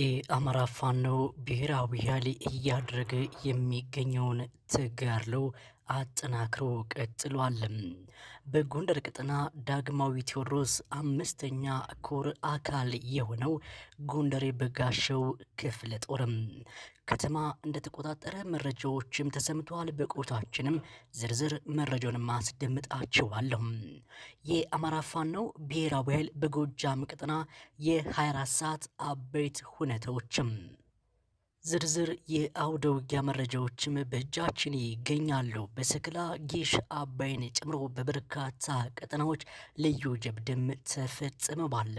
የአማራ ፋኖ ብሔራዊ ኃይል እያደረገ የሚገኘውን ተጋድሎ አጠናክሮ ቀጥሏል። በጎንደር ቀጠና ዳግማዊ ቴዎድሮስ አምስተኛ ኮር አካል የሆነው ጎንደሬ በጋሸው ክፍለ ጦርም ከተማ እንደተቆጣጠረ መረጃዎችም ተሰምተዋል። በቆይታችንም ዝርዝር መረጃውን ማስደምጣችኋለሁ። የአማራ ፋኖ ብሔራዊ ኃይል በጎጃም ቀጠና የ24 ሰዓት አበይት ሁነቶችም ዝርዝር የአውደ ውጊያ መረጃዎችም በእጃችን ይገኛሉ። በሰክላ ጊሽ አባይን ጨምሮ በበርካታ ቀጠናዎች ልዩ ጀብድም ተፈጽመዋል።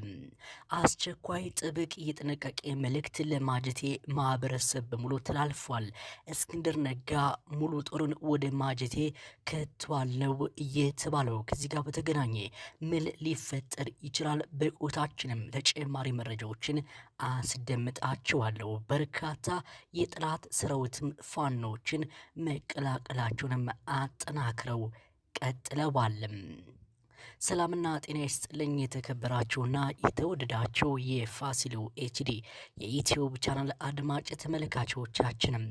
አስቸኳይ ጥብቅ የጥንቃቄ መልእክት ለማጀቴ ማህበረሰብ በሙሉ ተላልፏል። እስክንድር ነጋ ሙሉ ጦሩን ወደ ማጀቴ ነው እየተባለው ከዚህ ጋር በተገናኘ ምን ሊፈጠር ይችላል? በቆይታችንም ተጨማሪ መረጃዎችን አስደምጣችኋለሁ። በርካታ የጥላት ሰራዊትም ፋኖችን መቀላቀላቸውንም አጠናክረው ቀጥለዋልም። ሰላምና ጤና ይስጥልኝ። የተከበራችሁና የተወደዳችሁ የፋሲሎ ኤችዲ የዩትዩብ ቻናል አድማጭ ተመልካቾቻችንም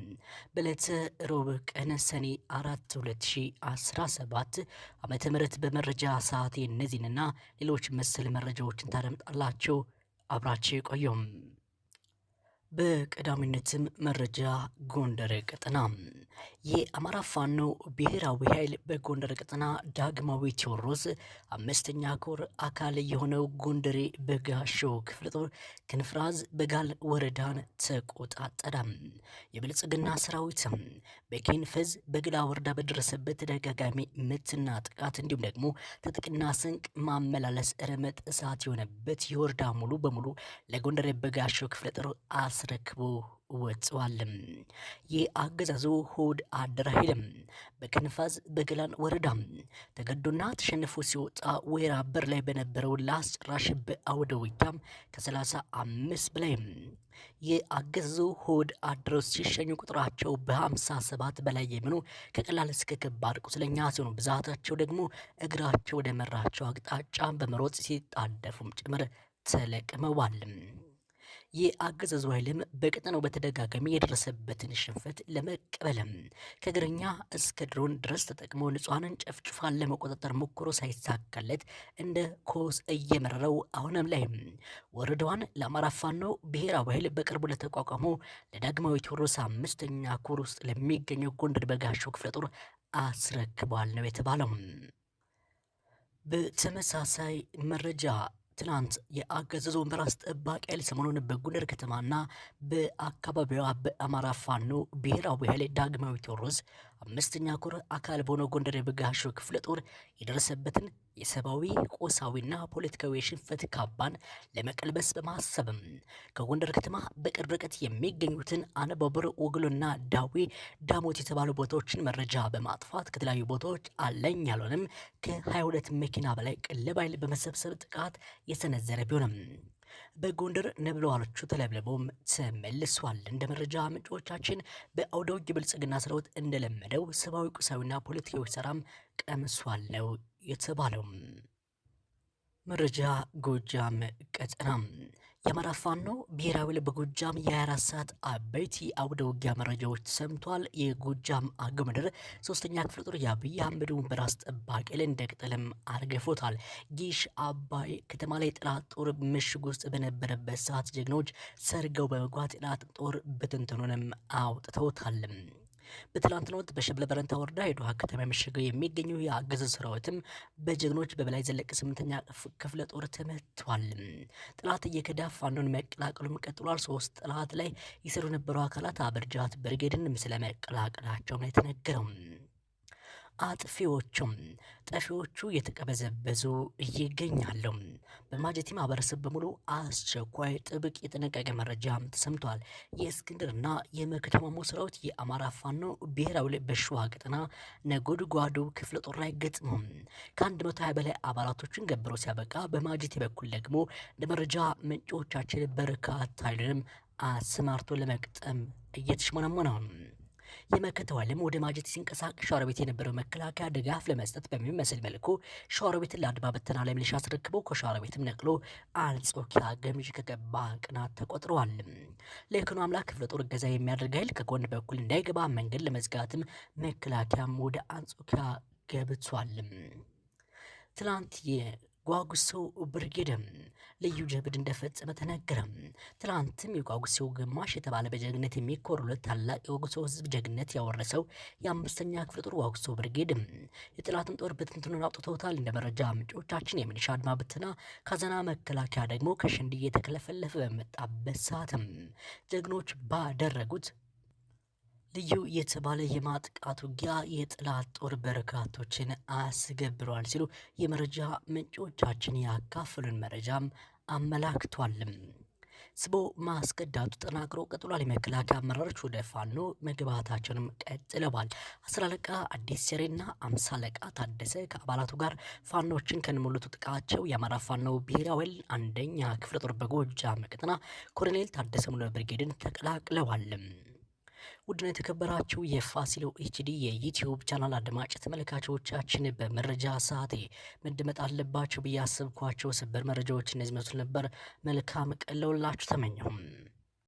በዕለተ ሮብ ቀን ሰኔ 4 2017 ዓመተ ምህረት በመረጃ ሰዓት እነዚህንና ሌሎች መሰል መረጃዎችን ታደምጣላችሁ። አብራችሁ ቆዩም። በቀዳሚነትም መረጃ ጎንደር ቀጠና የአማራ ፋኖ ብሔራዊ ኃይል በጎንደር ቀጠና ዳግማዊ ቴዎድሮስ አምስተኛ ኮር አካል የሆነው ጎንደሬ በጋሾ ክፍለ ጦር ክንፍራዝ በጋል ወረዳን ተቆጣጠረ። የብልጽግና ሰራዊት በኬንፈዝ በግላ ወረዳ በደረሰበት ተደጋጋሚ ምትና ጥቃት እንዲሁም ደግሞ ትጥቅና ስንቅ ማመላለስ ረመጥ እሳት የሆነበት የወረዳ ሙሉ በሙሉ ለጎንደሬ በጋሾ ክፍለ ጦር አስረክቦ ወጥቷል። የአገዛዙ ሆድ አደር አይልም። በከንፋዝ በገላን ወረዳ ተገዶና ተሸንፎ ሲወጣ ወይራ በር ላይ በነበረው ለአስጨራሽ በአውደ ውጊያ ከሰላሳ አምስት በላይ የአገዛዙ ሆድ አድረው ሲሸኙ ቁጥራቸው በሀምሳ ሰባት በላይ የሚሆኑ ከቀላል እስከ ከባድ ቁስለኛ ሲሆኑ ብዛታቸው ደግሞ እግራቸው ወደ መራቸው አቅጣጫ በመሮጥ ሲጣደፉም ጭምር ተለቅመዋል። የአገዛዙ ኃይልም በቀጠናው በተደጋጋሚ የደረሰበትን ሽንፈት ለመቀበልም ከእግረኛ እስከ ድሮን ድረስ ተጠቅሞ ንጹሐንን ጨፍጭፋን ለመቆጣጠር ሞክሮ ሳይሳካለት እንደ ኮስ እየመረረው አሁንም ላይ ወረዳዋን ለአማራ ፋኖ ብሔራዊ ኃይል በቅርቡ ለተቋቋመው ለዳግማዊ ቴዎድሮስ አምስተኛ ኮር ውስጥ ለሚገኘው ጎንደር በጋሻው ክፍለ ጦር አስረክቧል ነው የተባለው። በተመሳሳይ መረጃ ትናንት የአገዛዙ ወንበራስ ጠባቂ ኃይል ሰሞኑን በጎንደር ከተማና በአካባቢዋ በአማራ ፋኖ ብሔራዊ ኃይል ዳግማዊ ቴዎድሮስ አምስተኛ ኮር አካል በሆነው ጎንደር የበጋሾ ክፍለ ጦር የደረሰበትን የሰብአዊ ቆሳዊና ፖለቲካዊ የሽንፈት ካባን ለመቀልበስ በማሰብም ከጎንደር ከተማ በቅርብ ርቀት የሚገኙትን አነባብር ወግሎና ዳዌ ዳሞት የተባሉ ቦታዎችን መረጃ በማጥፋት ከተለያዩ ቦታዎች አለኝ ያልሆንም ከ22 መኪና በላይ ቀለብ ኃይል በመሰብሰብ ጥቃት የሰነዘረ ቢሆንም በጎንደር ነብለዋሎቹ ተለብልበውም ተመልሷል። እንደ መረጃ ምንጮቻችን በአውደ ብልጽግና ሰራዊት እንደለመደው ሰብአዊ፣ ቁሳዊና ፖለቲካዊ ሰራም ቀምሷል ነው የተባለው። መረጃ ጎጃም ቀጠናም የአማራ ፋኖ ብሔራዊ ኃይል በጎጃም የ24 ሰዓት አበይት የአውደ ውጊያ መረጃዎች ሰምቷል። የጎጃም አገምድር ሶስተኛ ክፍለ ጦር የአብይ አህመድን በራስ ጠባቂ ላይ እንደቅጠልም አርግፎታል። ጊሽ አባይ ከተማ ላይ ጠላት ጦር ምሽግ ውስጥ በነበረበት ሰዓት ጀግኖች ሰርገው በመግባት ጠላት ጦር ብትንትኑንም አውጥተውታል። በትላንትናው ዕለት በሸብለ በረንታ ወረዳ የዶሃ ከተማ መሸገው የሚገኘው የአገዛዙ ሰራዊትም በጀግኖች በበላይ ዘለቀ ስምንተኛ ክፍለ ጦር ተመቷል። ጥላት እየከዳ ፋኖን መቀላቀሉም ቀጥሏል። ሶስት ጥላት ላይ ይሰሩ የነበሩ አካላት አበርጃት ብርጌድንም ስለመቀላቀላቸው ነው የተነገረው። አጥፊዎቹም ጠፊዎቹ የተቀበዘበዙ ይገኛሉ። በማጀቴ ማህበረሰብ በሙሉ አስቸኳይ ጥብቅ የጥንቃቄ መረጃ ተሰምቷል። የእስክንድርና የመክት ማሞ ሰራዊት የአማራ ፋኖ ብሔራዊ ላይ በሸዋ ቀጠና ነጎድጓዱ ክፍለ ጦር ላይ ገጥመው ከ120 በላይ አባላቶችን ገብሮ ሲያበቃ፣ በማጀቴ በኩል ደግሞ ለመረጃ ምንጮቻችን በርካታ ኃይልንም አሰማርቶ ለመቅጠም እየተሽሞነሞነ ነው። የመከተው ዓለም ወደ ማጀት ሲንቀሳቀስ ሸዋሮቢት የነበረው መከላከያ ድጋፍ ለመስጠት በሚመስል መልኩ ሸዋሮቢትን ለአድማ በተና ለሚሊሻ አስረክበው ከሸዋሮቢትም ነቅሎ አንጾኪያ ገምዥ ከገባ ቅናት ተቆጥረዋል። ለይኩኖ አምላክ ክፍለ ጦር እገዛ የሚያደርግ ኃይል ከጎን በኩል እንዳይገባ መንገድ ለመዝጋትም መከላከያም ወደ አንጾኪያ ገብቷል። ትላንት ጓጉሶ ብርጌድም ልዩ ጀብድ እንደፈጸመ ተነገረም። ትላንትም የጓጉሶ ግማሽ የተባለ በጀግነት የሚኮሩለት ታላቅ የጓጉሶ ህዝብ ጀግነት ያወረሰው የአምስተኛ ክፍለ ጦር ጓጉሶ ብርጌድም የጠላትን ጦር ብትንትኑን አውጥቶታል። እንደ መረጃ ምንጮቻችን የሚሊሻ አድማ ብትና ካዘና መከላከያ ደግሞ ከሽንድዬ የተከለፈለፈ በመጣበት ሰዓትም ጀግኖች ባደረጉት ልዩ የተባለ የማጥቃት ውጊያ የጠላት ጦር በርካቶችን አስገብሯል ሲሉ የመረጃ ምንጮቻችን ያካፍሉን መረጃም አመላክቷልም። ስቦ ማስገዳቱ ተጠናክሮ ቀጥሏል። የመከላከያ አመራሮች ወደ ፋኖ መግባታቸውንም ቀጥለዋል። አስር አለቃ አዲስ ሴሬና አምሳ አለቃ ታደሰ ከአባላቱ ጋር ፋኖችን ከነሙሉ ጥቃቸው የአማራ ፋኖ ብሔራዊ ኃይል አንደኛ ክፍለ ጦር በጎጃም ቀጠና ኮሎኔል ታደሰ ሙሉ ብርጌድን ተቀላቅለዋልም። ውድና የተከበራችሁ የፋሲሎ ኤችዲ የዩትዩብ ቻናል አድማጭ ተመልካቾቻችን በመረጃ ሰዓቴ መደመጥ አለባቸው ብዬ አሰብኳቸው ሰበር መረጃዎች እነዚህ መስሉ ነበር። መልካም ቀለውላችሁ ተመኘሁም።